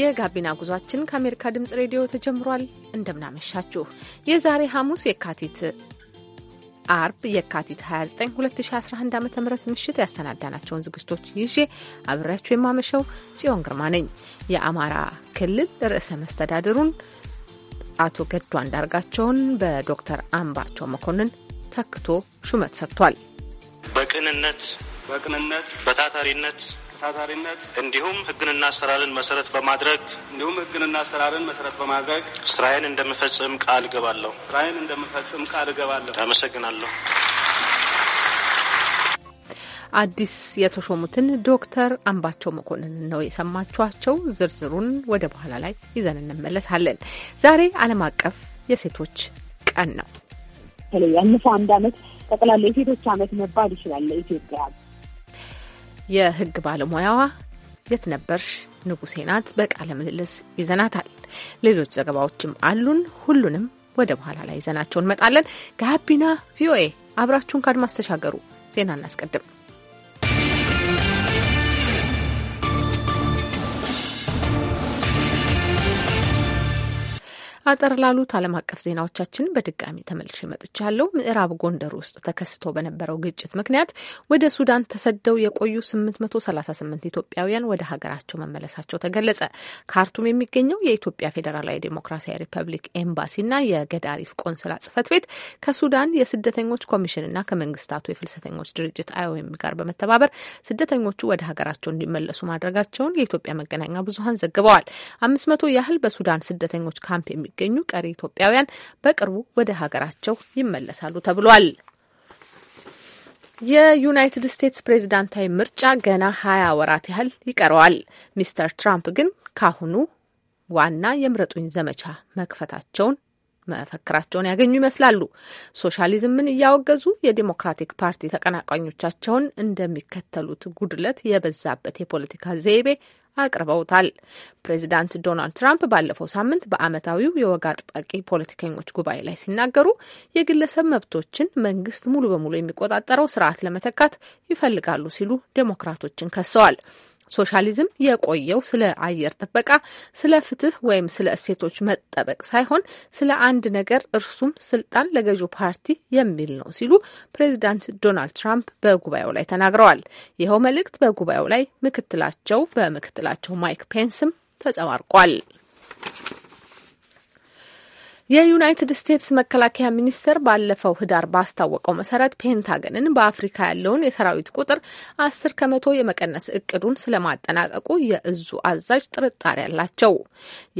የጋቢና ጉዟችን ከአሜሪካ ድምጽ ሬዲዮ ተጀምሯል። እንደምናመሻችሁ የዛሬ ሐሙስ የካቲት አርብ የካቲት 29 2011 ዓ ም ምሽት ያሰናዳናቸውን ዝግጅቶች ይዤ አብሬያችሁ የማመሸው ጽዮን ግርማ ነኝ። የአማራ ክልል ርዕሰ መስተዳድሩን አቶ ገዱ አንዳርጋቸውን በዶክተር አምባቸው መኮንን ተክቶ ሹመት ሰጥቷል። በቅንነት በቅንነት በታታሪነት ታታሪነት እንዲሁም ህግንና አሰራርን መሰረት በማድረግ እንዲሁም ህግንና አሰራርን መሰረት በማድረግ ስራዬን እንደምፈጽም ቃል እገባለሁ። ስራዬን እንደምፈጽም ቃል እገባለሁ። አመሰግናለሁ። አዲስ የተሾሙትን ዶክተር አምባቸው መኮንንን ነው የሰማችኋቸው። ዝርዝሩን ወደ በኋላ ላይ ይዘን እንመለሳለን። ዛሬ ዓለም አቀፍ የሴቶች ቀን ነው። ያለፈው አንድ አመት ጠቅላላ የሴቶች አመት መባል ይችላል ለኢትዮጵያ የህግ ባለሙያዋ የትነበርሽ ንጉሴ ናት። በቃለ ምልልስ ይዘናታል። ሌሎች ዘገባዎችም አሉን። ሁሉንም ወደ በኋላ ላይ ይዘናቸው እንመጣለን። ጋቢና ቪኦኤ አብራችሁን ካድማስ ተሻገሩ። ዜና እናስቀድም። አጠር ላሉት ዓለም አቀፍ ዜናዎቻችን በድጋሚ ተመልሼ መጥቻለሁ። ምዕራብ ጎንደር ውስጥ ተከስቶ በነበረው ግጭት ምክንያት ወደ ሱዳን ተሰደው የቆዩ 838 ኢትዮጵያውያን ወደ ሀገራቸው መመለሳቸው ተገለጸ። ካርቱም የሚገኘው የኢትዮጵያ ፌዴራላዊ ዴሞክራሲያዊ ሪፐብሊክ ኤምባሲና የገዳሪፍ ቆንስላ ጽህፈት ቤት ከሱዳን የስደተኞች ኮሚሽንና ከመንግስታቱ የፍልሰተኞች ድርጅት አይኦኤም ጋር በመተባበር ስደተኞቹ ወደ ሀገራቸው እንዲመለሱ ማድረጋቸውን የኢትዮጵያ መገናኛ ብዙሀን ዘግበዋል። አምስት መቶ ያህል በሱዳን ስደተኞች ካምፕ የሚ የሚገኙ ቀሪ ኢትዮጵያውያን በቅርቡ ወደ ሀገራቸው ይመለሳሉ ተብሏል። የዩናይትድ ስቴትስ ፕሬዝዳንታዊ ምርጫ ገና ሀያ ወራት ያህል ይቀረዋል። ሚስተር ትራምፕ ግን ካሁኑ ዋና የምረጡኝ ዘመቻ መክፈታቸውን መፈክራቸውን ያገኙ ይመስላሉ። ሶሻሊዝምን እያወገዙ የዲሞክራቲክ ፓርቲ ተቀናቃኞቻቸውን እንደሚከተሉት ጉድለት የበዛበት የፖለቲካ ዘይቤ አቅርበውታል። ፕሬዚዳንት ዶናልድ ትራምፕ ባለፈው ሳምንት በዓመታዊው የወግ አጥባቂ ፖለቲከኞች ጉባኤ ላይ ሲናገሩ የግለሰብ መብቶችን መንግስት ሙሉ በሙሉ የሚቆጣጠረው ስርዓት ለመተካት ይፈልጋሉ ሲሉ ዴሞክራቶችን ከሰዋል። ሶሻሊዝም የቆየው ስለ አየር ጥበቃ፣ ስለ ፍትህ ወይም ስለ እሴቶች መጠበቅ ሳይሆን ስለ አንድ ነገር እርሱም ስልጣን ለገዢው ፓርቲ የሚል ነው ሲሉ ፕሬዚዳንት ዶናልድ ትራምፕ በጉባኤው ላይ ተናግረዋል። ይኸው መልእክት በጉባኤው ላይ ምክትላቸው በምክትላቸው ማይክ ፔንስም ተጸባርቋል። የዩናይትድ ስቴትስ መከላከያ ሚኒስቴር ባለፈው ህዳር ባስታወቀው መሰረት ፔንታገንን በአፍሪካ ያለውን የሰራዊት ቁጥር አስር ከመቶ የመቀነስ እቅዱን ስለማጠናቀቁ የእዙ አዛዥ ጥርጣሬ አላቸው።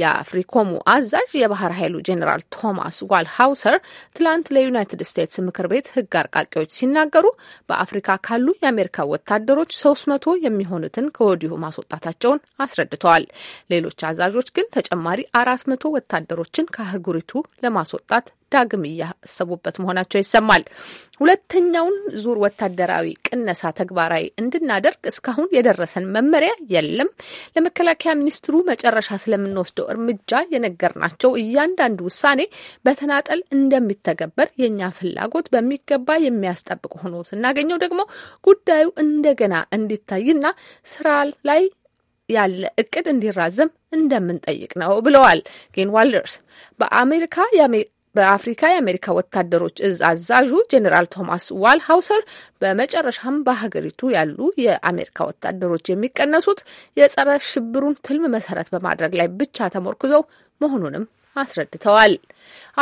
የአፍሪኮሙ አዛዥ የባህር ኃይሉ ጄኔራል ቶማስ ዋል ሃውሰር ትላንት ለዩናይትድ ስቴትስ ምክር ቤት ህግ አርቃቂዎች ሲናገሩ በአፍሪካ ካሉ የአሜሪካ ወታደሮች ሶስት መቶ የሚሆኑትን ከወዲሁ ማስወጣታቸውን አስረድተዋል። ሌሎች አዛዦች ግን ተጨማሪ አራት መቶ ወታደሮችን ከአህጉሪቱ ለማስወጣት ዳግም እያሰቡበት መሆናቸው ይሰማል። ሁለተኛውን ዙር ወታደራዊ ቅነሳ ተግባራዊ እንድናደርግ እስካሁን የደረሰን መመሪያ የለም። ለመከላከያ ሚኒስትሩ መጨረሻ ስለምንወስደው እርምጃ የነገርናቸው እያንዳንዱ ውሳኔ በተናጠል እንደሚተገበር የእኛ ፍላጎት በሚገባ የሚያስጠብቅ ሆኖ ስናገኘው ደግሞ ጉዳዩ እንደገና እንዲታይና ስራ ላይ ያለ እቅድ እንዲራዘም እንደምንጠይቅ ነው ብለዋል። ጌን ዋልደርስ በአሜሪካ በአፍሪካ የአሜሪካ ወታደሮች እዝ አዛዡ ጄኔራል ቶማስ ዋል ሀውሰር በመጨረሻም በሀገሪቱ ያሉ የአሜሪካ ወታደሮች የሚቀነሱት የጸረ ሽብሩን ትልም መሰረት በማድረግ ላይ ብቻ ተሞርክዘው መሆኑንም አስረድተዋል።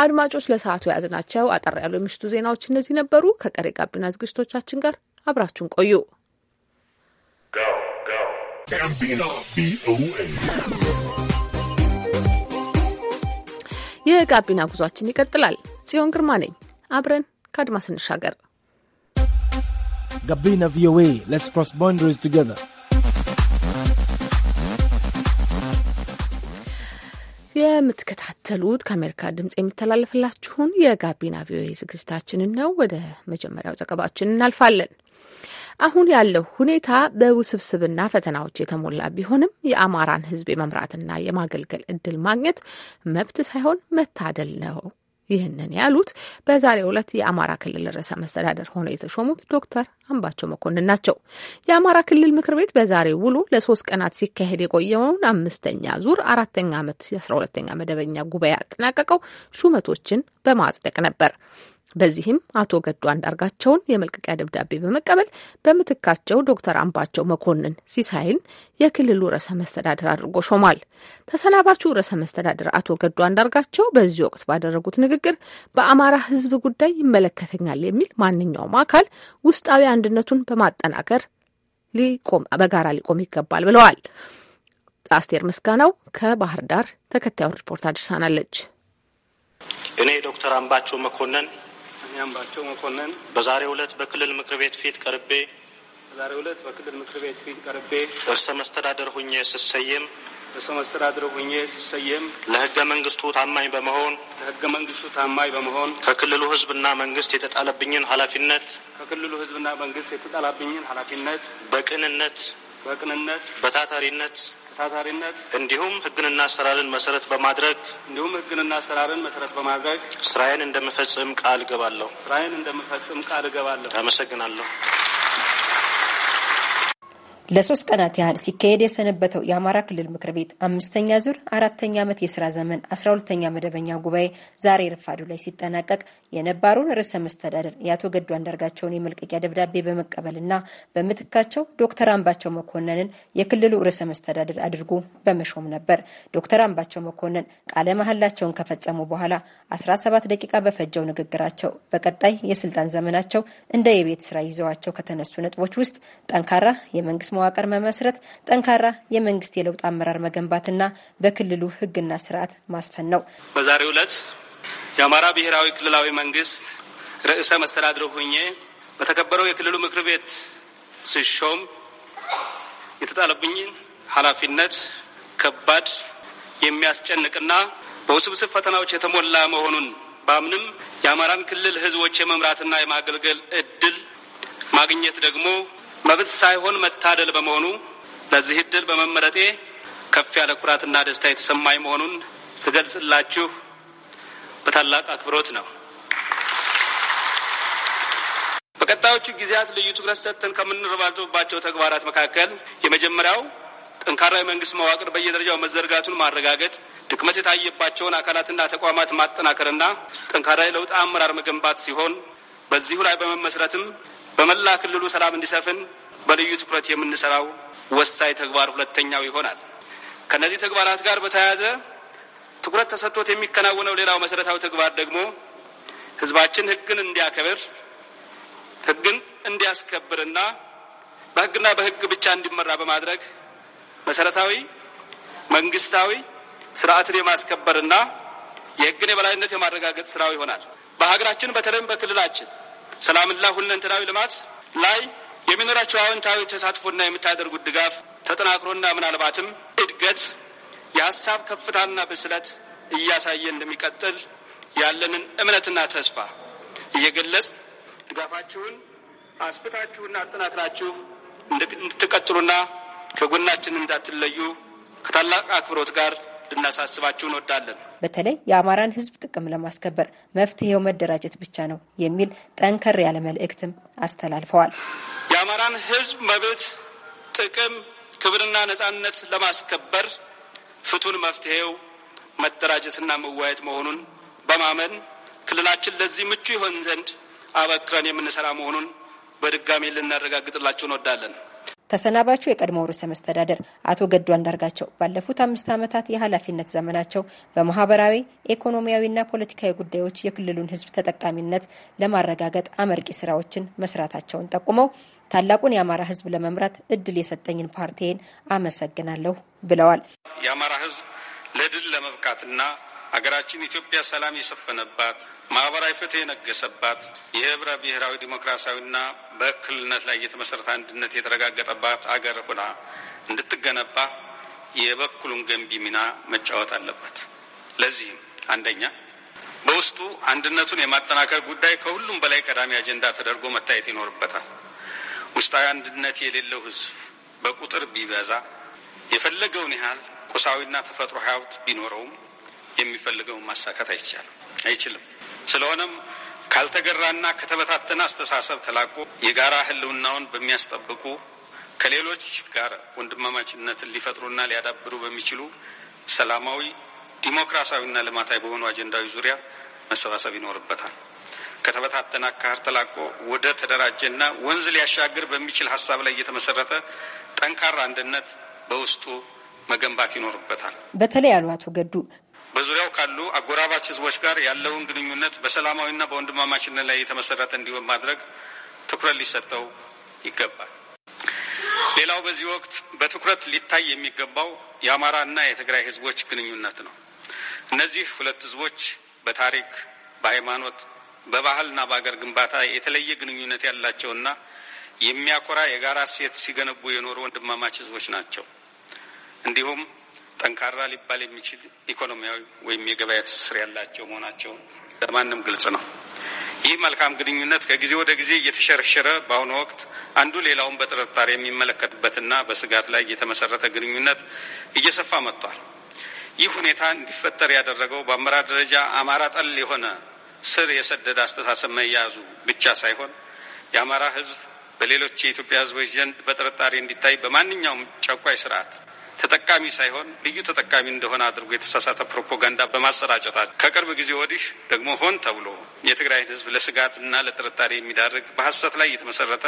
አድማጮች ለሰዓቱ የያዝናቸው አጠር ያሉ የምሽቱ ዜናዎች እነዚህ ነበሩ። ከቀሪ ጋቢና ዝግጅቶቻችን ጋር አብራችሁን ቆዩ። ጋቢና ቪኦኤ የጋቢና ጉዟችን ይቀጥላል። ጽዮን ግርማ ነኝ። አብረን ከአድማስ እንሻገር። ጋቢና ቪኦኤ ሌትስ ክሮስ ቦንደሪስ ቱጌዘር የምትከታተሉት ከአሜሪካ ድምጽ የሚተላለፍላችሁን የጋቢና ቪኦኤ ዝግጅታችንን ነው። ወደ መጀመሪያው ዘገባችን እናልፋለን። አሁን ያለው ሁኔታ በውስብስብና ፈተናዎች የተሞላ ቢሆንም የአማራን ሕዝብ የመምራትና የማገልገል እድል ማግኘት መብት ሳይሆን መታደል ነው። ይህንን ያሉት በዛሬው ዕለት የአማራ ክልል ርዕሰ መስተዳደር ሆነው የተሾሙት ዶክተር አምባቸው መኮንን ናቸው። የአማራ ክልል ምክር ቤት በዛሬው ውሎ ለሶስት ቀናት ሲካሄድ የቆየውን አምስተኛ ዙር አራተኛ ዓመት የአስራ ሁለተኛ መደበኛ ጉባኤ ያጠናቀቀው ሹመቶችን በማጽደቅ ነበር። በዚህም አቶ ገዱ አንዳርጋቸውን የመልቀቂያ ደብዳቤ በመቀበል በምትካቸው ዶክተር አምባቸው መኮንን ሲሳይን የክልሉ ርዕሰ መስተዳድር አድርጎ ሾሟል። ተሰናባቹ ርዕሰ መስተዳድር አቶ ገዱ አንዳርጋቸው በዚህ ወቅት ባደረጉት ንግግር በአማራ ሕዝብ ጉዳይ ይመለከተኛል የሚል ማንኛውም አካል ውስጣዊ አንድነቱን በማጠናከር ሊቆም በጋራ ሊቆም ይገባል ብለዋል። አስቴር ምስጋናው ከባህር ዳር ተከታዩን ሪፖርት አድርሳናለች። እኔ ዶክተር አምባቸው መኮንን ያምባቸው መኮንን በዛሬው ዕለት በክልል ምክር ቤት ፊት ቀርቤ በዛሬው ዕለት በክልል ምክር ቤት ፊት ቀርቤ እርሰ መስተዳደር ሁኜ ስሰየም እርሰ መስተዳደር ሁኜ ስሰየም ለህገ መንግስቱ ታማኝ በመሆን ለህገ መንግስቱ ታማኝ በመሆን ከክልሉ ህዝብና መንግስት የተጣለብኝን ኃላፊነት ከክልሉ ህዝብና መንግስት የተጣለብኝን ኃላፊነት በቅንነት በቅንነት በታታሪነት ታታሪነት እንዲሁም ህግንና አሰራርን መሰረት በማድረግ እንዲሁም ህግንና አሰራርን መሰረት በማድረግ ስራዬን እንደምፈጽም ቃል እገባለሁ። ስራዬን እንደምፈጽም ቃል እገባለሁ። አመሰግናለሁ። ለሶስት ቀናት ያህል ሲካሄድ የሰነበተው የአማራ ክልል ምክር ቤት አምስተኛ ዙር አራተኛ ዓመት የስራ ዘመን አስራ ሁለተኛ መደበኛ ጉባኤ ዛሬ ረፋዱ ላይ ሲጠናቀቅ የነባሩን ርዕሰ መስተዳደር የአቶ ገዱ አንዳርጋቸውን የመልቀቂያ ደብዳቤ በመቀበልና በምትካቸው ዶክተር አምባቸው መኮንንን የክልሉ ርዕሰ መስተዳደር አድርጎ በመሾም ነበር። ዶክተር አምባቸው መኮንን ቃለ መሐላቸውን ከፈጸሙ በኋላ 17 ደቂቃ በፈጀው ንግግራቸው በቀጣይ የስልጣን ዘመናቸው እንደ የቤት ስራ ይዘዋቸው ከተነሱ ነጥቦች ውስጥ ጠንካራ የመንግስት መዋቅር መመስረት፣ ጠንካራ የመንግስት የለውጥ አመራር መገንባትና በክልሉ ህግና ስርዓት ማስፈን ነው። በዛሬው ዕለት የአማራ ብሔራዊ ክልላዊ መንግስት ርዕሰ መስተዳድር ሁኜ በተከበረው የክልሉ ምክር ቤት ስሾም የተጣለብኝን ኃላፊነት ከባድ የሚያስጨንቅና በውስብስብ ፈተናዎች የተሞላ መሆኑን በአምንም የአማራን ክልል ህዝቦች የመምራትና የማገልገል እድል ማግኘት ደግሞ መብት ሳይሆን መታደል በመሆኑ ለዚህ እድል በመመረጤ ከፍ ያለ ኩራትና ደስታ የተሰማኝ መሆኑን ስገልጽላችሁ በታላቅ አክብሮት ነው። በቀጣዮቹ ጊዜያት ልዩ ትኩረት ሰጥተን ከምንረባረብባቸው ተግባራት መካከል የመጀመሪያው ጠንካራ የመንግስት መዋቅር በየደረጃው መዘርጋቱን ማረጋገጥ፣ ድክመት የታየባቸውን አካላትና ተቋማት ማጠናከርና ጠንካራ የለውጥ አመራር መገንባት ሲሆን በዚሁ ላይ በመመስረትም በመላ ክልሉ ሰላም እንዲሰፍን በልዩ ትኩረት የምንሰራው ወሳኝ ተግባር ሁለተኛው ይሆናል። ከነዚህ ተግባራት ጋር በተያያዘ ትኩረት ተሰጥቶት የሚከናወነው ሌላው መሰረታዊ ተግባር ደግሞ ህዝባችን ህግን እንዲያከብር፣ ህግን እንዲያስከብርና በህግና በህግ ብቻ እንዲመራ በማድረግ መሰረታዊ መንግስታዊ ስርዓትን የማስከበርና የህግን የበላይነት የማረጋገጥ ስራው ይሆናል። በሀገራችን በተለይም በክልላችን ሰላምና ሁለንተናዊ ልማት ላይ የሚኖራቸው አዎንታዊ ተሳትፎና የምታደርጉት ድጋፍ ተጠናክሮና ምናልባትም እድገት የሀሳብ ከፍታና ብስለት እያሳየ እንደሚቀጥል ያለንን እምነትና ተስፋ እየገለጽ ድጋፋችሁን አስፍታችሁና አጠናክራችሁ እንድትቀጥሉና ከጎናችን እንዳትለዩ ከታላቅ አክብሮት ጋር ልናሳስባችሁ እንወዳለን። በተለይ የአማራን ህዝብ ጥቅም ለማስከበር መፍትሄው መደራጀት ብቻ ነው የሚል ጠንከር ያለ መልእክትም አስተላልፈዋል። የአማራን ህዝብ መብት፣ ጥቅም፣ ክብርና ነጻነት ለማስከበር ፍቱን መፍትሄው መደራጀትና መዋየት መሆኑን በማመን ክልላችን ለዚህ ምቹ ይሆን ዘንድ አበክረን የምንሰራ መሆኑን በድጋሚ ልናረጋግጥላችሁ እንወዳለን። ተሰናባቹ የቀድሞ ርዕሰ መስተዳደር አቶ ገዱ አንዳርጋቸው ባለፉት አምስት ዓመታት የኃላፊነት ዘመናቸው በማህበራዊ ኢኮኖሚያዊና ፖለቲካዊ ጉዳዮች የክልሉን ሕዝብ ተጠቃሚነት ለማረጋገጥ አመርቂ ስራዎችን መስራታቸውን ጠቁመው ታላቁን የአማራ ሕዝብ ለመምራት እድል የሰጠኝን ፓርቲዬን አመሰግናለሁ ብለዋል። የአማራ ሕዝብ ለድል ለመብቃትና አገራችን ኢትዮጵያ ሰላም የሰፈነባት ማህበራዊ ፍትህ የነገሰባት የህብረ ብሔራዊ ዲሞክራሲያዊና በእክልነት ላይ የተመሰረተ አንድነት የተረጋገጠባት አገር ሆና እንድትገነባ የበኩሉን ገንቢ ሚና መጫወት አለበት። ለዚህም አንደኛ በውስጡ አንድነቱን የማጠናከር ጉዳይ ከሁሉም በላይ ቀዳሚ አጀንዳ ተደርጎ መታየት ይኖርበታል። ውስጣዊ አንድነት የሌለው ህዝብ በቁጥር ቢበዛ የፈለገውን ያህል ቁሳዊና ተፈጥሮ ሀብት ቢኖረውም የሚፈልገውን ማሳካት አይቻልም አይችልም። ስለሆነም ካልተገራና ከተበታተነ አስተሳሰብ ተላቆ የጋራ ህልውናውን በሚያስጠብቁ ከሌሎች ጋር ወንድማማችነትን ሊፈጥሩና ሊያዳብሩ በሚችሉ ሰላማዊ፣ ዲሞክራሲያዊና ልማታዊ በሆኑ አጀንዳዊ ዙሪያ መሰባሰብ ይኖርበታል። ከተበታተነ አካህር ተላቆ ወደ ተደራጀና ወንዝ ሊያሻግር በሚችል ሀሳብ ላይ የተመሰረተ ጠንካራ አንድነት በውስጡ መገንባት ይኖርበታል። በተለይ አሉ አቶ ገዱ በዙሪያው ካሉ አጎራባች ህዝቦች ጋር ያለውን ግንኙነት በሰላማዊና በወንድማማችነት ላይ የተመሰረተ እንዲሆን ማድረግ ትኩረት ሊሰጠው ይገባል። ሌላው በዚህ ወቅት በትኩረት ሊታይ የሚገባው የአማራ እና የትግራይ ህዝቦች ግንኙነት ነው። እነዚህ ሁለት ህዝቦች በታሪክ፣ በሃይማኖት፣ በባህልና በአገር ግንባታ የተለየ ግንኙነት ያላቸውና የሚያኮራ የጋራ እሴት ሲገነቡ የኖሩ ወንድማማች ህዝቦች ናቸው። እንዲሁም ጠንካራ ሊባል የሚችል ኢኮኖሚያዊ ወይም የገበያ ትስስር ያላቸው መሆናቸው ለማንም ግልጽ ነው። ይህ መልካም ግንኙነት ከጊዜ ወደ ጊዜ እየተሸረሸረ በአሁኑ ወቅት አንዱ ሌላውን በጥርጣሬ የሚመለከትበትና በስጋት ላይ የተመሰረተ ግንኙነት እየሰፋ መጥቷል። ይህ ሁኔታ እንዲፈጠር ያደረገው በአመራር ደረጃ አማራ ጠል የሆነ ስር የሰደደ አስተሳሰብ መያዙ ብቻ ሳይሆን የአማራ ሕዝብ በሌሎች የኢትዮጵያ ሕዝቦች ዘንድ በጥርጣሬ እንዲታይ በማንኛውም ጨቋይ ስርዓት ተጠቃሚ ሳይሆን ልዩ ተጠቃሚ እንደሆነ አድርጎ የተሳሳተ ፕሮፓጋንዳ በማሰራጨታቸው ከቅርብ ጊዜ ወዲህ ደግሞ ሆን ተብሎ የትግራይን ህዝብ ለስጋትና ለጥርጣሬ የሚዳርግ በሀሰት ላይ የተመሰረተ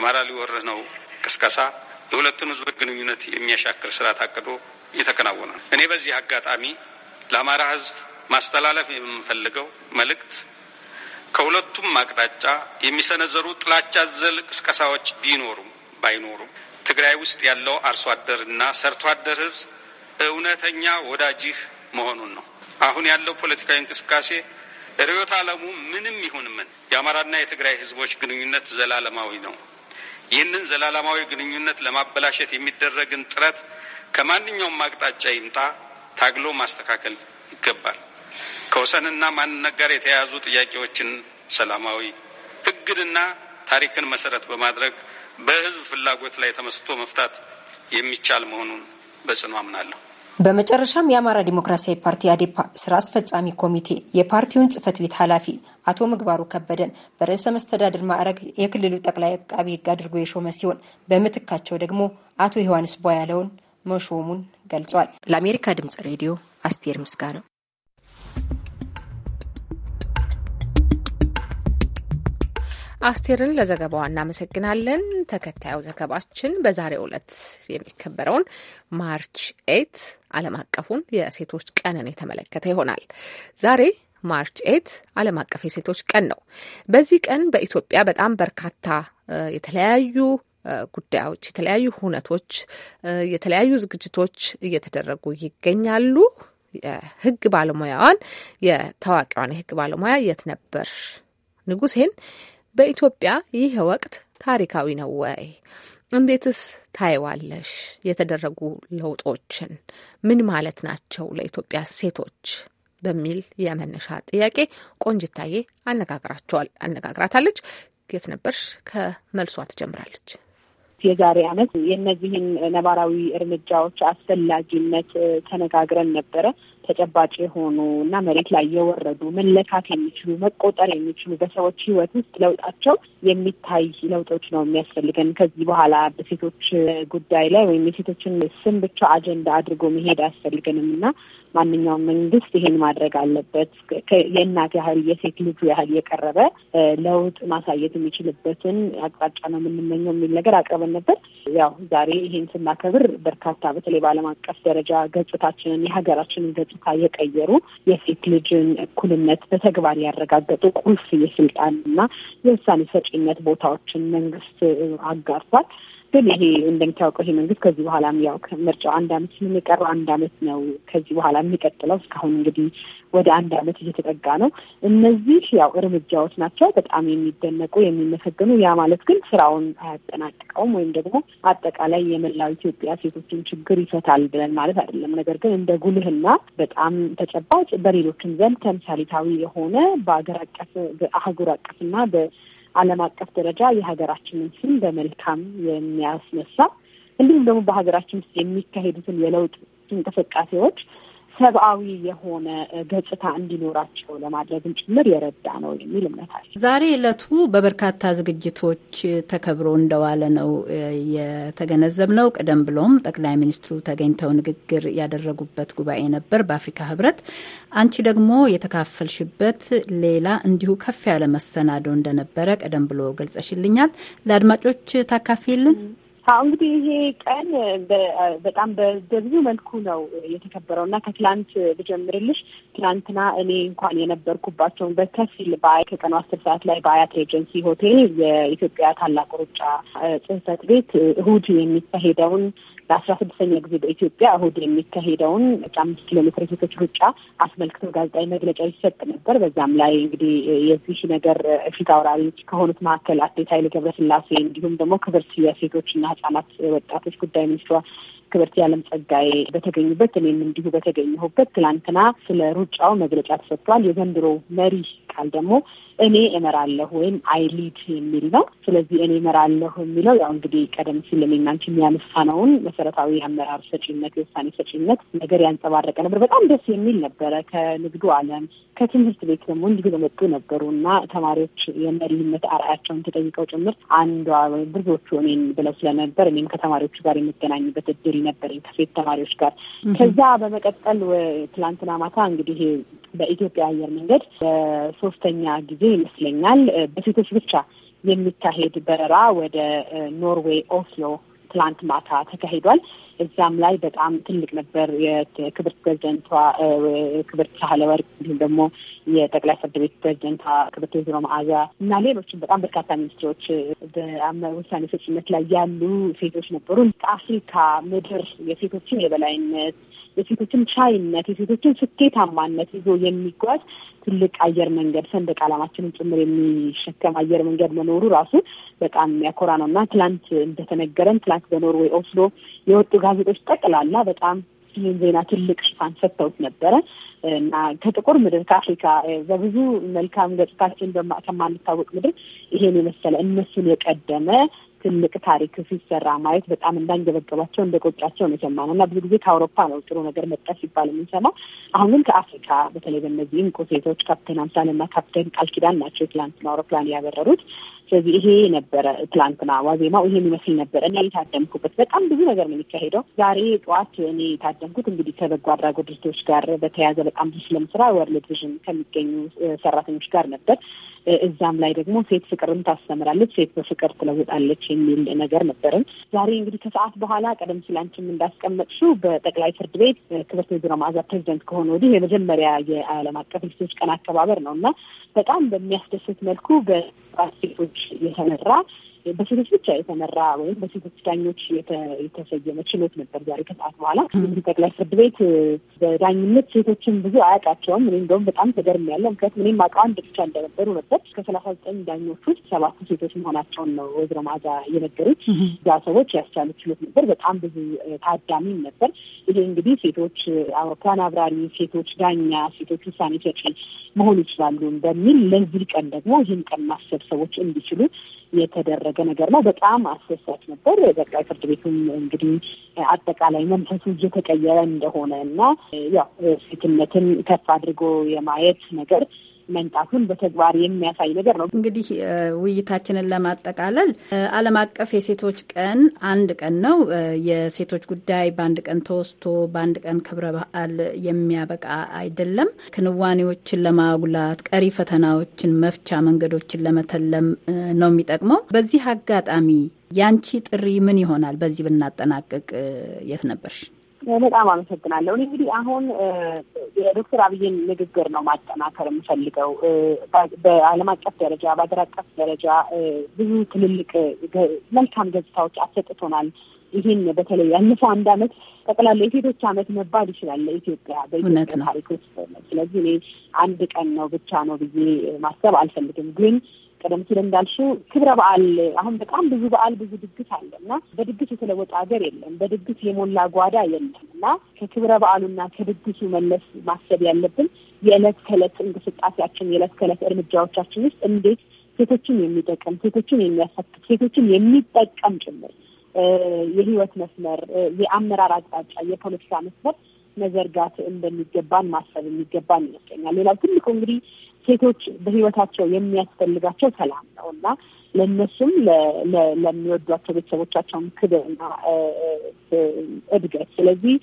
አማራ ሊወርህ ነው ቅስቀሳ የሁለቱን ሕዝቦች ግንኙነት የሚያሻክር ስራ ታቅዶ እየተከናወነ ነው። እኔ በዚህ አጋጣሚ ለአማራ ህዝብ ማስተላለፍ የምንፈልገው መልእክት ከሁለቱም አቅጣጫ የሚሰነዘሩ ጥላቻ ዘል ቅስቀሳዎች ቢኖሩም ባይኖሩም ትግራይ ውስጥ ያለው አርሶ አደርና ሰርቶ አደር ህዝብ እውነተኛ ወዳጅህ መሆኑን ነው። አሁን ያለው ፖለቲካዊ እንቅስቃሴ ርዕዮተ ዓለሙ ምንም ይሁን ምን የአማራና የትግራይ ህዝቦች ግንኙነት ዘላለማዊ ነው። ይህንን ዘላለማዊ ግንኙነት ለማበላሸት የሚደረግን ጥረት ከማንኛውም አቅጣጫ ይምጣ ታግሎ ማስተካከል ይገባል። ከወሰንና ማንነት ጋር የተያያዙ ጥያቄዎችን ሰላማዊ ህግንና ታሪክን መሰረት በማድረግ በህዝብ ፍላጎት ላይ ተመስቶ መፍታት የሚቻል መሆኑን በጽኑ አምናለሁ። በመጨረሻም የአማራ ዲሞክራሲያዊ ፓርቲ አዴፓ ስራ አስፈጻሚ ኮሚቴ የፓርቲውን ጽህፈት ቤት ኃላፊ አቶ ምግባሩ ከበደን በርዕሰ መስተዳድር ማዕረግ የክልሉ ጠቅላይ አቃቢ ህግ አድርጎ የሾመ ሲሆን በምትካቸው ደግሞ አቶ ዮሐንስ ቧያለውን መሾሙን ገልጿል። ለአሜሪካ ድምጽ ሬዲዮ አስቴር ነው። አስቴርን ለዘገባዋ እናመሰግናለን። ተከታዩ ዘገባችን በዛሬ ዕለት የሚከበረውን ማርች ኤት ዓለም አቀፉን የሴቶች ቀንን የተመለከተ ይሆናል። ዛሬ ማርች ኤት ዓለም አቀፍ የሴቶች ቀን ነው። በዚህ ቀን በኢትዮጵያ በጣም በርካታ የተለያዩ ጉዳዮች፣ የተለያዩ ሁነቶች፣ የተለያዩ ዝግጅቶች እየተደረጉ ይገኛሉ። የህግ ባለሙያዋን የታዋቂዋን የህግ ባለሙያ የት ነበር ንጉሴን በኢትዮጵያ ይህ ወቅት ታሪካዊ ነው ወይ? እንዴትስ ታይዋለሽ? የተደረጉ ለውጦችን ምን ማለት ናቸው ለኢትዮጵያ ሴቶች በሚል የመነሻ ጥያቄ ቆንጅታዬ አነጋግራቸዋል አነጋግራታለች። ጌት ነበርሽ ከመልሷ ትጀምራለች። የዛሬ ዓመት የእነዚህን ነባራዊ እርምጃዎች አስፈላጊነት ተነጋግረን ነበረ። ተጨባጭ የሆኑ እና መሬት ላይ የወረዱ መለካት የሚችሉ መቆጠር የሚችሉ በሰዎች ሕይወት ውስጥ ለውጣቸው የሚታይ ለውጦች ነው የሚያስፈልገን። ከዚህ በኋላ በሴቶች ጉዳይ ላይ ወይም የሴቶችን ስም ብቻ አጀንዳ አድርጎ መሄድ አያስፈልገንም እና ማንኛውም መንግስት ይሄን ማድረግ አለበት። የእናት ያህል የሴት ልጁ ያህል የቀረበ ለውጥ ማሳየት የሚችልበትን አቅጣጫ ነው የምንመኘው የሚል ነገር አቅርበን ነበር። ያው ዛሬ ይሄን ስናከብር በርካታ በተለይ በዓለም አቀፍ ደረጃ ገጽታችንን የሀገራችንን ገጽታ የቀየሩ የሴት ልጅን እኩልነት በተግባር ያረጋገጡ ቁልፍ እና የውሳኔ ሰጪነት ቦታዎችን መንግስት አጋርቷል። ግን ይሄ እንደሚታወቀው ይሄ መንግስት ከዚህ በኋላ ያው ከምርጫው አንድ አመት ስለሚቀረው አንድ አመት ነው ከዚህ በኋላ የሚቀጥለው። እስካሁን እንግዲህ ወደ አንድ አመት እየተጠጋ ነው። እነዚህ ያው እርምጃዎች ናቸው በጣም የሚደነቁ የሚመሰገኑ። ያ ማለት ግን ስራውን አያጠናቅቀውም ወይም ደግሞ አጠቃላይ የመላው ኢትዮጵያ ሴቶችን ችግር ይፈታል ብለን ማለት አይደለም። ነገር ግን እንደ ጉልህና በጣም ተጨባጭ በሌሎችም ዘንድ ተምሳሌታዊ የሆነ በአገር አቀፍ በአህጉር አቀፍና ዓለም አቀፍ ደረጃ የሀገራችንን ስም በመልካም የሚያስነሳ እንዲሁም ደግሞ በሀገራችን ውስጥ የሚካሄዱትን የለውጥ እንቅስቃሴዎች ሰብአዊ የሆነ ገጽታ እንዲኖራቸው ለማድረግም ጭምር የረዳ ነው የሚል እምነት አለ። ዛሬ ዕለቱ በበርካታ ዝግጅቶች ተከብሮ እንደዋለ ነው የተገነዘብ ነው። ቀደም ብሎም ጠቅላይ ሚኒስትሩ ተገኝተው ንግግር ያደረጉበት ጉባኤ ነበር በአፍሪካ ህብረት። አንቺ ደግሞ የተካፈልሽበት ሌላ እንዲሁ ከፍ ያለ መሰናዶ እንደነበረ ቀደም ብሎ ገልጸሽልኛል። ለአድማጮች ታካፊልን አዎ እንግዲህ ይሄ ቀን በጣም በብዙ መልኩ ነው የተከበረው እና ከትላንት ብጀምርልሽ ትላንትና እኔ እንኳን የነበርኩባቸውን በከፊል በአያ ከቀኑ አስር ሰዓት ላይ በአያት ኤጀንሲ ሆቴል የኢትዮጵያ ታላቅ ሩጫ ጽህፈት ቤት እሁድ የሚካሄደውን ለአስራ ስድስተኛ ጊዜ በኢትዮጵያ እሁድ የሚካሄደውን አምስት ኪሎ ሜትር ሴቶች ሩጫ አስመልክቶ ጋዜጣዊ መግለጫ ይሰጥ ነበር። በዛም ላይ እንግዲህ የዚህ ነገር ፊት አውራሪ ከሆኑት መካከል አትሌት ኃይሌ ገብረስላሴ እንዲሁም ደግሞ ክብርት የሴቶችና ህጻናት ወጣቶች ጉዳይ ሚኒስትሯ ክብርት ያለም ጸጋዬ በተገኙበት እኔም እንዲሁ በተገኘሁበት ትላንትና ስለ ሩጫው መግለጫ ተሰጥቷል። የዘንድሮ መሪ ቃል ደግሞ እኔ እመራለሁ ወይም አይሊድ የሚል ነው። ስለዚህ እኔ እመራለሁ የሚለው ያው እንግዲህ ቀደም ሲል ለሚናንች የሚያነሳነውን መሰረታዊ የአመራር ሰጪነት፣ የውሳኔ ሰጪነት ነገር ያንጸባረቀ ነበር። በጣም ደስ የሚል ነበረ። ከንግዱ ዓለም ከትምህርት ቤት ደግሞ እንዲሁ የመጡ ነበሩ እና ተማሪዎች የመሪነት አርአያቸውን ተጠይቀው ጭምር አንዷ ወይም ብዙዎቹ እኔን ብለው ስለነበር እኔም ከተማሪዎቹ ጋር የሚገናኝበት እድል ነበረኝ ከሴት ተማሪዎች ጋር። ከዛ በመቀጠል ትላንትና ማታ እንግዲህ በኢትዮጵያ አየር መንገድ ለሶስተኛ ጊዜ ይመስለኛል በሴቶች ብቻ የሚካሄድ በረራ ወደ ኖርዌይ ኦስሎ ትላንት ማታ ተካሂዷል። እዛም ላይ በጣም ትልቅ ነበር። የክብርት ፕሬዚደንቷ ክብርት ሳህለ ወርቅ እንዲሁም ደግሞ የጠቅላይ ፍርድ ቤት ፕሬዚደንቷ ክብርት ወይዘሮ መዓዛ እና ሌሎችም በጣም በርካታ ሚኒስትሮች በውሳኔ ሰጭነት ላይ ያሉ ሴቶች ነበሩ። ከአፍሪካ ምድር የሴቶችን የበላይነት የሴቶችን ቻይነት፣ የሴቶችን ስኬታማነት ይዞ የሚጓዝ ትልቅ አየር መንገድ ሰንደቅ ዓላማችንን ጭምር የሚሸከም አየር መንገድ መኖሩ ራሱ በጣም የሚያኮራ ነው እና ትላንት እንደተነገረን ትላንት በኖርዌይ ኦስሎ የወጡ ጋዜጦች ጠቅላላ በጣም ይህን ዜና ትልቅ ሽፋን ሰጥተውት ነበረ እና ከጥቁር ምድር ከአፍሪካ በብዙ መልካም ገጽታችን ከማንታወቅ ምድር ይሄን የመሰለ እነሱን የቀደመ ትልቅ ታሪክ ሲሰራ ማየት በጣም እንዳንገበገባቸው እንደቆጫቸው ነው የሰማነው እና ብዙ ጊዜ ከአውሮፓ ነው ጥሩ ነገር መጣ ሲባል የምንሰማው። አሁን ግን ከአፍሪካ በተለይ በእነዚህ እንቁ ሴቶች ካፕቴን አምሳል እና ካፕቴን ቃልኪዳን ናቸው የትላንትና አውሮፕላን ያበረሩት። ስለዚህ ይሄ ነበረ ትላንትና ዋዜማው ይሄ የሚመስል ነበረ። እና የታደምኩበት በጣም ብዙ ነገር ነው የሚካሄደው። ዛሬ ጠዋት እኔ የታደምኩት እንግዲህ ከበጎ አድራጎት ድርጅቶች ጋር በተያያዘ በጣም ብዙ ስለምስራ ወርልድ ቪዥን ከሚገኙ ሰራተኞች ጋር ነበር። እዛም ላይ ደግሞ ሴት ፍቅርን ታስተምራለች፣ ሴት በፍቅር ትለውጣለች የሚል ነገር ነበርን። ዛሬ እንግዲህ ከሰዓት በኋላ ቀደም ሲል አንቺም እንዳስቀመጥሽው በጠቅላይ ፍርድ ቤት ክብርት ወይዘሮ መዓዛ ፕሬዚደንት ከሆነ ወዲህ የመጀመሪያ የዓለም አቀፍ የሴቶች ቀን አከባበር ነው እና በጣም በሚያስደስት መልኩ በሴቶች የተመራ በሴቶች ብቻ የተመራ ወይም በሴቶች ዳኞች የተሰየመ ችሎት ነበር ዛሬ ከሰዓት በኋላ። ጠቅላይ ፍርድ ቤት በዳኝነት ሴቶችን ብዙ አያውቃቸውም። እኔ እንደውም በጣም ተገርሜያለሁ። ምክንያቱም እኔም አውቀው አንድ ብቻ እንደነበሩ ነበር። ከሰላሳ ዘጠኝ ዳኞች ውስጥ ሰባቱ ሴቶች መሆናቸውን ነው ወይዘሮ ማዛ የነገሩት። እዛ ሰዎች ያስቻሉ ችሎት ነበር። በጣም ብዙ ታዳሚም ነበር። ይሄ እንግዲህ ሴቶች አውሮፕላን አብራሪ፣ ሴቶች ዳኛ፣ ሴቶች ውሳኔ ሰጪ መሆን ይችላሉ በሚል ለዚህ ቀን ደግሞ ይህን ቀን ማሰብ ሰዎች እንዲችሉ የተደረገ ነገር ነው። በጣም አስደሳች ነበር። በቃ ፍርድ ቤቱም እንግዲህ አጠቃላይ መንፈሱ እየተቀየረ እንደሆነ እና ያው ሴትነትን ከፍ አድርጎ የማየት ነገር መምጣቱን በተግባር የሚያሳይ ነገር ነው። እንግዲህ ውይይታችንን ለማጠቃለል ዓለም አቀፍ የሴቶች ቀን አንድ ቀን ነው። የሴቶች ጉዳይ በአንድ ቀን ተወስቶ በአንድ ቀን ክብረ በዓል የሚያበቃ አይደለም። ክንዋኔዎችን ለማጉላት ቀሪ ፈተናዎችን መፍቻ መንገዶችን ለመተለም ነው የሚጠቅመው። በዚህ አጋጣሚ ያንቺ ጥሪ ምን ይሆናል? በዚህ ብናጠናቅቅ የት ነበርሽ? በጣም አመሰግናለሁ። እንግዲህ አሁን የዶክተር አብይን ንግግር ነው ማጠናከር የምፈልገው። በዓለም አቀፍ ደረጃ በሀገር አቀፍ ደረጃ ብዙ ትልልቅ መልካም ገጽታዎች አሰጥቶናል። ይህን በተለይ ያለፈው አንድ አመት ጠቅላላ የሴቶች አመት መባል ይችላል ለኢትዮጵያ በኢትዮጵያ ታሪክ ውስጥ። ስለዚህ እኔ አንድ ቀን ነው ብቻ ነው ብዬ ማሰብ አልፈልግም ግን ቀደም ሲል እንዳልሽው ክብረ በዓል አሁን በጣም ብዙ በዓል ብዙ ድግስ አለ እና በድግስ የተለወጠ ሀገር የለም፣ በድግስ የሞላ ጓዳ የለም እና ከክብረ በዓሉና ከድግሱ መለስ ማሰብ ያለብን የዕለት ከዕለት እንቅስቃሴያችን የዕለት ከዕለት እርምጃዎቻችን ውስጥ እንዴት ሴቶችን የሚጠቀም ሴቶችን የሚያሳትፍ ሴቶችን የሚጠቀም ጭምር የህይወት መስመር፣ የአመራር አቅጣጫ፣ የፖለቲካ መስመር መዘርጋት እንደሚገባን ማሰብ የሚገባን ይመስለኛል። ሌላው ትልቁ እንግዲህ ሴቶች በህይወታቸው የሚያስፈልጋቸው ሰላም ነው እና ለእነሱም ለሚወዷቸው ቤተሰቦቻቸውን ክብርና እድገት ስለዚህ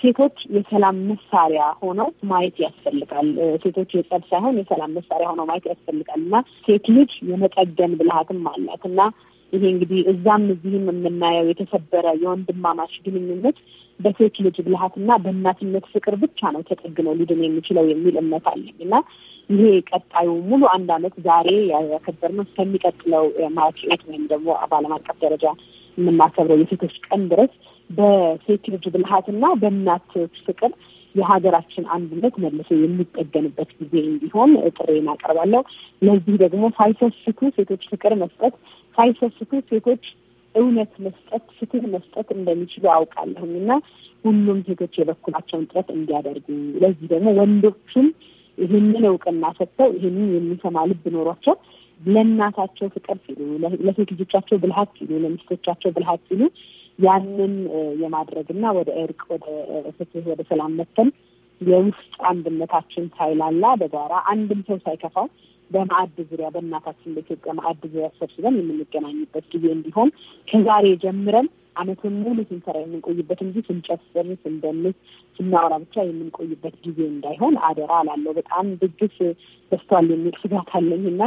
ሴቶች የሰላም መሳሪያ ሆነው ማየት ያስፈልጋል። ሴቶች የጸብ ሳይሆን የሰላም መሳሪያ ሆነው ማየት ያስፈልጋል እና ሴት ልጅ የመጠገን ብልሃትም አላት እና ይሄ እንግዲህ እዛም እዚህም የምናየው የተሰበረ የወንድማማች ግንኙነት በሴት ልጅ ብልሃትና በእናትነት ፍቅር ብቻ ነው ተጠግኖ ሊድን የሚችለው የሚል እምነት አለኝ እና ይሄ ቀጣዩ ሙሉ አንድ አመት ዛሬ ያከበርነው እስከሚቀጥለው ማርች ኤት ወይም ደግሞ በዓለም አቀፍ ደረጃ የምናከብረው የሴቶች ቀን ድረስ በሴት ልጅ ብልሃትና በእናቶች ፍቅር የሀገራችን አንድነት መልሶ የሚጠገንበት ጊዜ እንዲሆን ጥሪ እናቀርባለሁ። ለዚህ ደግሞ ሳይሰስቱ ሴቶች ፍቅር መስጠት፣ ሳይሰስቱ ሴቶች እውነት መስጠት፣ ፍትህ መስጠት እንደሚችሉ አውቃለሁኝ እና ሁሉም ሴቶች የበኩላቸውን ጥረት እንዲያደርጉ ለዚህ ደግሞ ወንዶችም ይህንን እውቅና ሰጥተው ይህንን የሚሰማ ልብ ኖሯቸው ለእናታቸው ፍቅር ሲሉ፣ ለሴት ልጆቻቸው ብልሃት ሲሉ፣ ለሚስቶቻቸው ብልሃት ሲሉ ያንን የማድረግና ወደ እርቅ፣ ወደ ፍትህ፣ ወደ ሰላም መተን የውስጥ አንድነታችን ሳይላላ በጋራ አንድም ሰው ሳይከፋው በማዕድ ዙሪያ በእናታችን በኢትዮጵያ ማዕድ ዙሪያ ሰብስበን የምንገናኝበት ጊዜ እንዲሆን ከዛሬ ጀምረን አመቱን ሙሉ ስንሰራ የምንቆይበት እንጂ ስንጨፍር፣ ስንደምስ፣ ስናወራ ብቻ የምንቆይበት ጊዜ እንዳይሆን አደራ አላለው። በጣም ድግስ ደስቷል የሚል ስጋት አለኝ እና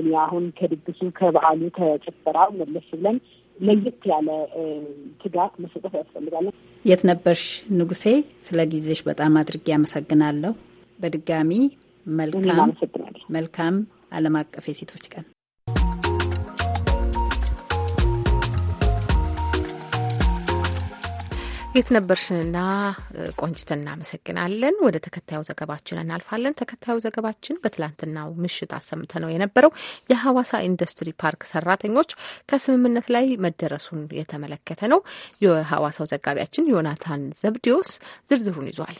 እኔ አሁን ከድግሱ ከበዓሉ ከጭፈራው መለስ ብለን ለየት ያለ ትጋት መሰጠት ያስፈልጋለን። የት ነበርሽ ንጉሴ? ስለ ጊዜሽ በጣም አድርጌ አመሰግናለሁ። በድጋሚ መልካም መልካም ዓለም አቀፍ የሴቶች ቀን የት ነበርሽንና ቆንጅትን እናመሰግናለን። ወደ ተከታዩ ዘገባችን እናልፋለን። ተከታዩ ዘገባችን በትላንትናው ምሽት አሰምተ ነው የነበረው የሐዋሳ ኢንዱስትሪ ፓርክ ሰራተኞች ከስምምነት ላይ መደረሱን የተመለከተ ነው። የሐዋሳው ዘጋቢያችን ዮናታን ዘብዲዮስ ዝርዝሩን ይዟል።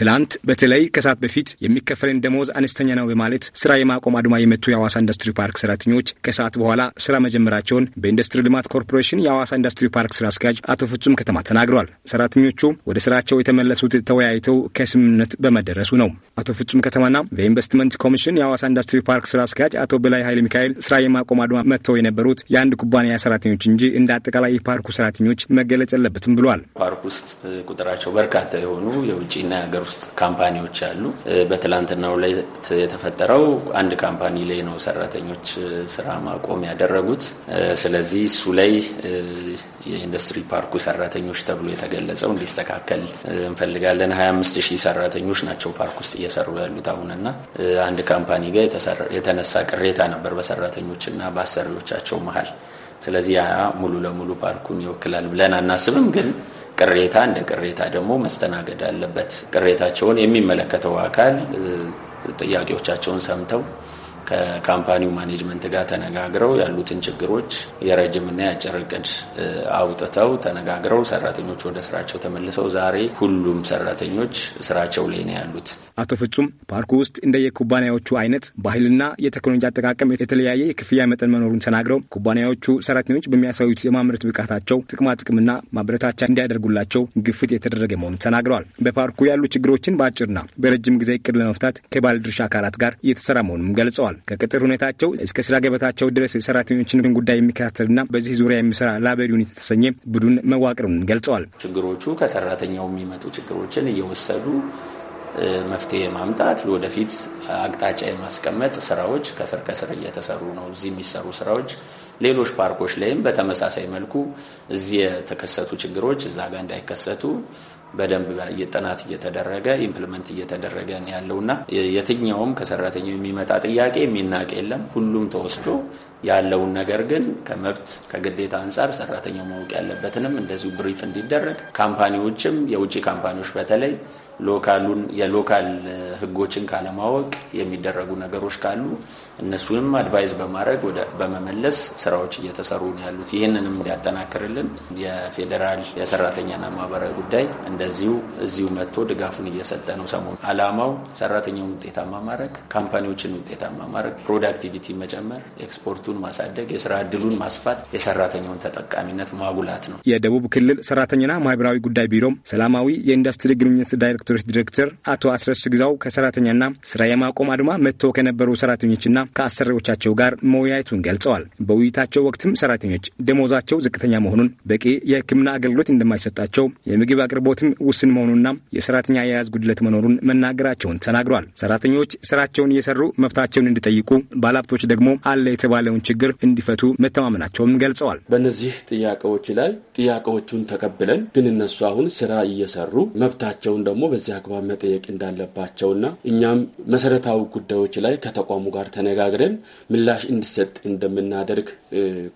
ትላንት በተለይ ከሰዓት በፊት የሚከፈልን ደሞዝ አነስተኛ ነው በማለት ስራ የማቆም አድማ የመቱ የአዋሳ ኢንዱስትሪ ፓርክ ሰራተኞች ከሰዓት በኋላ ስራ መጀመራቸውን በኢንዱስትሪ ልማት ኮርፖሬሽን የአዋሳ ኢንዱስትሪ ፓርክ ስራ አስኪያጅ አቶ ፍጹም ከተማ ተናግሯል። ሰራተኞቹ ወደ ስራቸው የተመለሱት ተወያይተው ከስምምነት በመደረሱ ነው። አቶ ፍጹም ከተማና በኢንቨስትመንት ኮሚሽን የአዋሳ ኢንዱስትሪ ፓርክ ስራ አስኪያጅ አቶ በላይ ኃይለ ሚካኤል ስራ የማቆም አድማ መጥተው የነበሩት የአንድ ኩባንያ ሰራተኞች እንጂ እንደ አጠቃላይ የፓርኩ ሰራተኞች መገለጽ የለበትም ብሏል። ፓርክ ውስጥ ቁጥራቸው በርካታ የሆኑ የውጭና የሀገር ውስጥ ካምፓኒዎች አሉ። በትላንትናው ዕለት የተፈጠረው አንድ ካምፓኒ ላይ ነው ሰራተኞች ስራ ማቆም ያደረጉት። ስለዚህ እሱ ላይ የኢንዱስትሪ ፓርኩ ሰራተኞች ተብሎ የተገለጸው እንዲስተካከል እንፈልጋለን። አምስት ሺህ ሰራተኞች ናቸው ፓርክ ውስጥ እየሰሩ ያሉት አሁንና አንድ ካምፓኒ ጋር የተነሳ ቅሬታ ነበር በሰራተኞችና በአሰሪዎቻቸው መሀል። ስለዚህ ያ ሙሉ ለሙሉ ፓርኩን ይወክላል ብለን አናስብም ግን ቅሬታ እንደ ቅሬታ ደግሞ መስተናገድ አለበት። ቅሬታቸውን የሚመለከተው አካል ጥያቄዎቻቸውን ሰምተው ከካምፓኒው ማኔጅመንት ጋር ተነጋግረው ያሉትን ችግሮች የረጅምና የአጭር እቅድ አውጥተው ተነጋግረው ሰራተኞች ወደ ስራቸው ተመልሰው ዛሬ ሁሉም ሰራተኞች ስራቸው ላይ ነው ያሉት አቶ ፍጹም ፓርኩ ውስጥ እንደ የኩባንያዎቹ አይነት ባህልና የቴክኖሎጂ አጠቃቀም የተለያየ የክፍያ መጠን መኖሩን ተናግረው ኩባንያዎቹ ሰራተኞች በሚያሳዩት የማምረት ብቃታቸው ጥቅማ ጥቅምና ማበረታቻ እንዲያደርጉላቸው ግፍት የተደረገ መሆኑን ተናግረዋል። በፓርኩ ያሉ ችግሮችን በአጭርና በረጅም ጊዜ እቅድ ለመፍታት ከባለድርሻ አካላት ጋር እየተሰራ መሆኑም ገልጸዋል። ገልጸዋል። ከቅጥር ሁኔታቸው እስከ ስራ ገበታቸው ድረስ ሰራተኞችን ጉዳይ የሚከታተልና በዚህ ዙሪያ የሚሰራ ላበር ዩኒት የተሰኘ ቡድን መዋቅሩን ገልጸዋል። ችግሮቹ ከሰራተኛው የሚመጡ ችግሮችን እየወሰዱ መፍትሄ የማምጣት ወደፊት አቅጣጫ የማስቀመጥ ስራዎች ከስር ከስር እየተሰሩ ነው። እዚህ የሚሰሩ ስራዎች ሌሎች ፓርኮች ላይም በተመሳሳይ መልኩ እዚህ የተከሰቱ ችግሮች እዛ ጋር እንዳይከሰቱ በደንብ ጥናት እየተደረገ ኢምፕልመንት እየተደረገ ያለውና የትኛውም ከሰራተኛው የሚመጣ ጥያቄ የሚናቅ የለም። ሁሉም ተወስዶ ያለውን ነገር ግን ከመብት ከግዴታ አንጻር ሰራተኛው ማወቅ ያለበትንም እንደዚሁ ብሪፍ እንዲደረግ ካምፓኒዎችም የውጭ ካምፓኒዎች በተለይ ሎካሉን የሎካል ህጎችን ካለማወቅ የሚደረጉ ነገሮች ካሉ እነሱንም አድቫይዝ በማድረግ በመመለስ ስራዎች እየተሰሩ ነው ያሉት። ይህንንም እንዲያጠናክርልን የፌዴራል የሰራተኛና ማህበራዊ ጉዳይ እንደዚሁ እዚሁ መጥቶ ድጋፉን እየሰጠ ነው። ሰሞኑ አላማው ሰራተኛውን ውጤታማ ማድረግ፣ ካምፓኒዎችን ውጤታማ ማድረግ፣ ፕሮዳክቲቪቲ መጨመር፣ ኤክስፖርቱን ማሳደግ፣ የስራ እድሉን ማስፋት፣ የሰራተኛውን ተጠቃሚነት ማጉላት ነው። የደቡብ ክልል ሰራተኛና ማህበራዊ ጉዳይ ቢሮም ሰላማዊ የኢንዱስትሪ ግንኙነት ዳይሬክተር ዳይሬክቶሬት ዲሬክተር አቶ አስረስ ግዛው ከሰራተኛና ስራ የማቆም አድማ መጥተው ከነበሩ ሰራተኞችና ከአሰሪዎቻቸው ጋር መወያየቱን ገልጸዋል። በውይይታቸው ወቅትም ሰራተኞች ደሞዛቸው ዝቅተኛ መሆኑን፣ በቂ የሕክምና አገልግሎት እንደማይሰጣቸው፣ የምግብ አቅርቦትም ውስን መሆኑና የሰራተኛ አያያዝ ጉድለት መኖሩን መናገራቸውን ተናግሯል። ሰራተኞች ስራቸውን እየሰሩ መብታቸውን እንዲጠይቁ፣ ባለሀብቶች ደግሞ አለ የተባለውን ችግር እንዲፈቱ መተማመናቸውም ገልጸዋል። በእነዚህ ጥያቄዎች ላይ ጥያቄዎቹን ተቀብለን ግን እነሱ አሁን ስራ እየሰሩ መብታቸውን ደግሞ በዚህ አግባብ መጠየቅ እንዳለባቸውና እኛም መሰረታዊ ጉዳዮች ላይ ከተቋሙ ጋር ተነጋግረን ምላሽ እንዲሰጥ እንደምናደርግ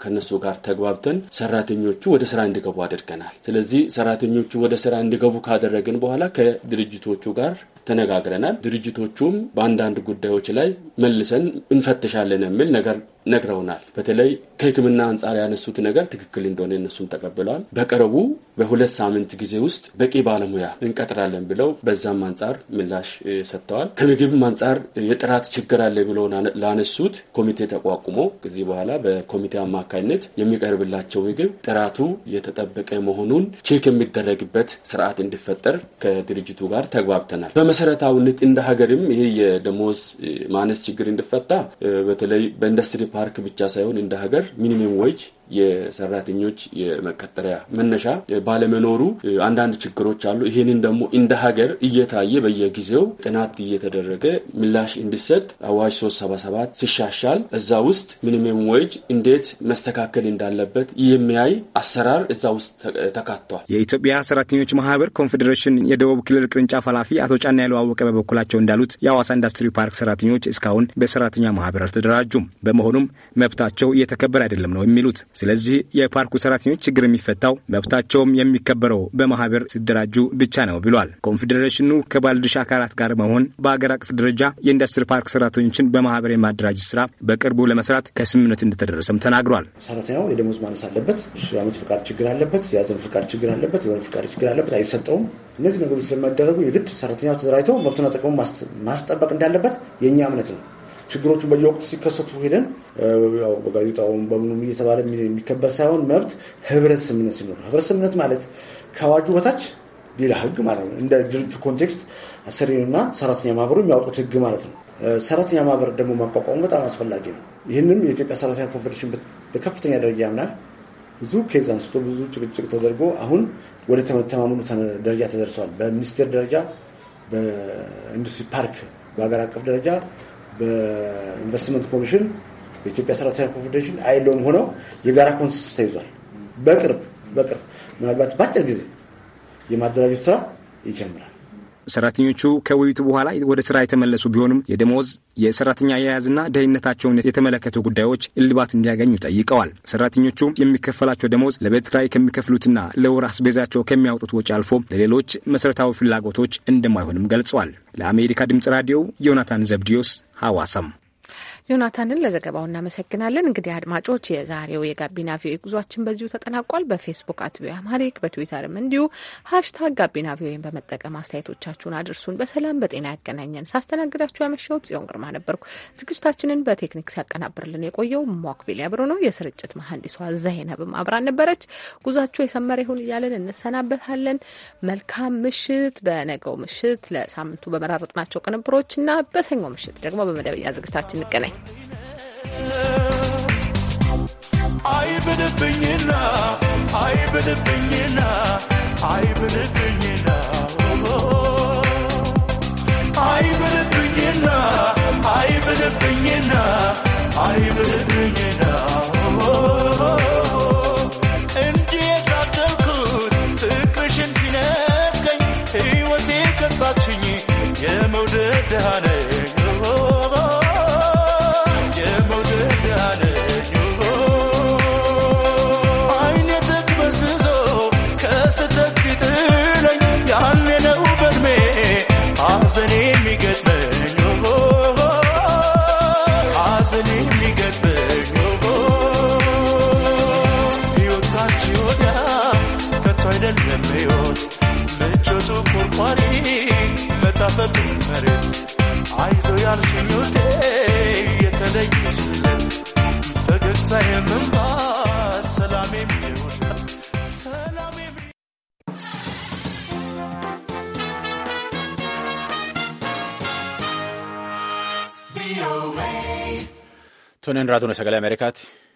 ከነሱ ጋር ተግባብተን ሰራተኞቹ ወደ ስራ እንዲገቡ አድርገናል። ስለዚህ ሰራተኞቹ ወደ ስራ እንዲገቡ ካደረግን በኋላ ከድርጅቶቹ ጋር ተነጋግረናል። ድርጅቶቹም በአንዳንድ ጉዳዮች ላይ መልሰን እንፈትሻለን የሚል ነገር ነግረውናል። በተለይ ከሕክምና አንጻር ያነሱት ነገር ትክክል እንደሆነ እነሱም ተቀብለዋል። በቅርቡ በሁለት ሳምንት ጊዜ ውስጥ በቂ ባለሙያ እንቀጥራለን ብለው በዛም አንጻር ምላሽ ሰጥተዋል። ከምግብም አንጻር የጥራት ችግር አለ ብለው ላነሱት ኮሚቴ ተቋቁሞ ከዚህ በኋላ በኮሚቴ አማካኝነት የሚቀርብላቸው ምግብ ጥራቱ የተጠበቀ መሆኑን ቼክ የሚደረግበት ስርዓት እንዲፈጠር ከድርጅቱ ጋር ተግባብተናል። በመሰረታዊነት እንደ ሀገርም ይሄ የደሞዝ ማነስ ችግር እንዲፈታ በተለይ በኢንዱስትሪ አርክ ብቻ ሳይሆን እንደ ሀገር ሚኒመም ወጅ የሰራተኞች የመቀጠሪያ መነሻ ባለመኖሩ አንዳንድ ችግሮች አሉ። ይህንን ደግሞ እንደ ሀገር እየታየ በየጊዜው ጥናት እየተደረገ ምላሽ እንዲሰጥ አዋጅ 377 ሲሻሻል እዛ ውስጥ ሚኒመም ወጅ እንዴት መስተካከል እንዳለበት የሚያይ አሰራር እዛ ውስጥ ተካቷል። የኢትዮጵያ ሰራተኞች ማህበር ኮንፌዴሬሽን የደቡብ ክልል ቅርንጫፍ ኃላፊ አቶ ጫና ያለው አወቀ በበኩላቸው እንዳሉት የአዋሳ ኢንዱስትሪ ፓርክ ሰራተኞች እስካሁን በሰራተኛ ማህበር አልተደራጁም። በመሆኑም መብታቸው እየተከበረ አይደለም ነው የሚሉት። ስለዚህ የፓርኩ ሰራተኞች ችግር የሚፈታው መብታቸውም የሚከበረው በማህበር ሲደራጁ ብቻ ነው ብሏል። ኮንፌዴሬሽኑ ከባለድርሻ አካላት ጋር መሆን በአገር አቀፍ ደረጃ የኢንዱስትሪ ፓርክ ሰራተኞችን በማህበር የማደራጀት ስራ በቅርቡ ለመስራት ከስምምነት እንደተደረሰም ተናግሯል። ሰራተኛው የደሞዝ ማነስ አለበት፣ የአመት ፍቃድ ችግር አለበት፣ የያዘን ፍቃድ ችግር አለበት፣ የሆነ ፍቃድ ችግር አለበት፣ አይሰጠውም። እነዚህ ነገሮች ስለሚያደረጉ የግድ ሰራተኛው ተደራጅተው መብቱና ጥቅሙ ማስጠበቅ እንዳለበት የእኛ እምነት ነው። ችግሮቹ በየወቅቱ ሲከሰቱ ሄደን በጋዜጣውን በምኑም እየተባለ የሚከበር ሳይሆን መብት ህብረት ስምምነት ሲኖር ህብረት ስምምነት ማለት ከአዋጁ በታች ሌላ ህግ ማለት ነው። እንደ ድርጅቱ ኮንቴክስት አሰሪና ሰራተኛ ማህበሩ የሚያወጡት ህግ ማለት ነው። ሰራተኛ ማህበር ደግሞ ማቋቋሙ በጣም አስፈላጊ ነው። ይህንም የኢትዮጵያ ሰራተኛ ኮንፌዴሬሽን በከፍተኛ ደረጃ ያምናል። ብዙ ኬዝ አንስቶ ብዙ ጭቅጭቅ ተደርጎ አሁን ወደ ተመተማመኑ ደረጃ ተደርሷል። በሚኒስቴር ደረጃ፣ በኢንዱስትሪ ፓርክ፣ በሀገር አቀፍ ደረጃ በኢንቨስትመንት ኮሚሽን፣ በኢትዮጵያ ሰራተኛ ኮንፌዴሬሽን አይለውም ሆነው የጋራ ኮንሰንሰስ ተይዟል። በቅርብ በቅርብ ምናልባት በአጭር ጊዜ የማደራጀት ስራ ይጀምራል። ሰራተኞቹ ከውይይቱ በኋላ ወደ ስራ የተመለሱ ቢሆንም የደሞዝ የሰራተኛ አያያዝና ደህንነታቸውን የተመለከቱ ጉዳዮች እልባት እንዲያገኙ ጠይቀዋል። ሰራተኞቹ የሚከፈላቸው ደሞዝ ለቤት ከሚከፍሉትና ለወር አስቤዛቸው ከሚያወጡት ወጪ አልፎ ለሌሎች መሰረታዊ ፍላጎቶች እንደማይሆንም ገልጿል። ለአሜሪካ ድምጽ ራዲዮ ዮናታን ዘብዲዮስ ሐዋሳም ዮናታንን ለዘገባው እናመሰግናለን። እንግዲህ አድማጮች የዛሬው የጋቢና ቪዮ ጉዟችን በዚሁ ተጠናቋል። በፌስቡክ አት ቪዮ አማሪክ በትዊተርም እንዲሁ ሀሽታግ ጋቢና ቪዮን በመጠቀም አስተያየቶቻችሁን አድርሱን። በሰላም በጤና ያገናኘን። ሳስተናግዳችሁ ያመሸሁት ጽዮን ግርማ ነበርኩ። ዝግጅታችንን በቴክኒክ ሲያቀናብርልን የቆየው ሞክቢል ያብሮ ነው። የስርጭት መሀንዲሷ ዘይነብም አብራን ነበረች። ጉዟችሁ የሰመረ ይሁን እያለን እንሰናበታለን። መልካም ምሽት። በነገው ምሽት ለሳምንቱ በመራረጥናቸው ቅንብሮች እና በሰኞ ምሽት ደግሞ በመደበኛ ዝግጅታችን እንገናኝ። አይብንብኝና አይብንብኝና አይብንብኝና አይብንብኝና አይብንብኝና አይብንብኝና እንጂ የታደልኩት ፍቅርሽን ቢነካኝ ሕይወቴ ገዛችኝ የመውደድ ዳነ ሰጡኝ መሬት አይዞ ያልሽኝ የተለየሽለት Sono entrato nella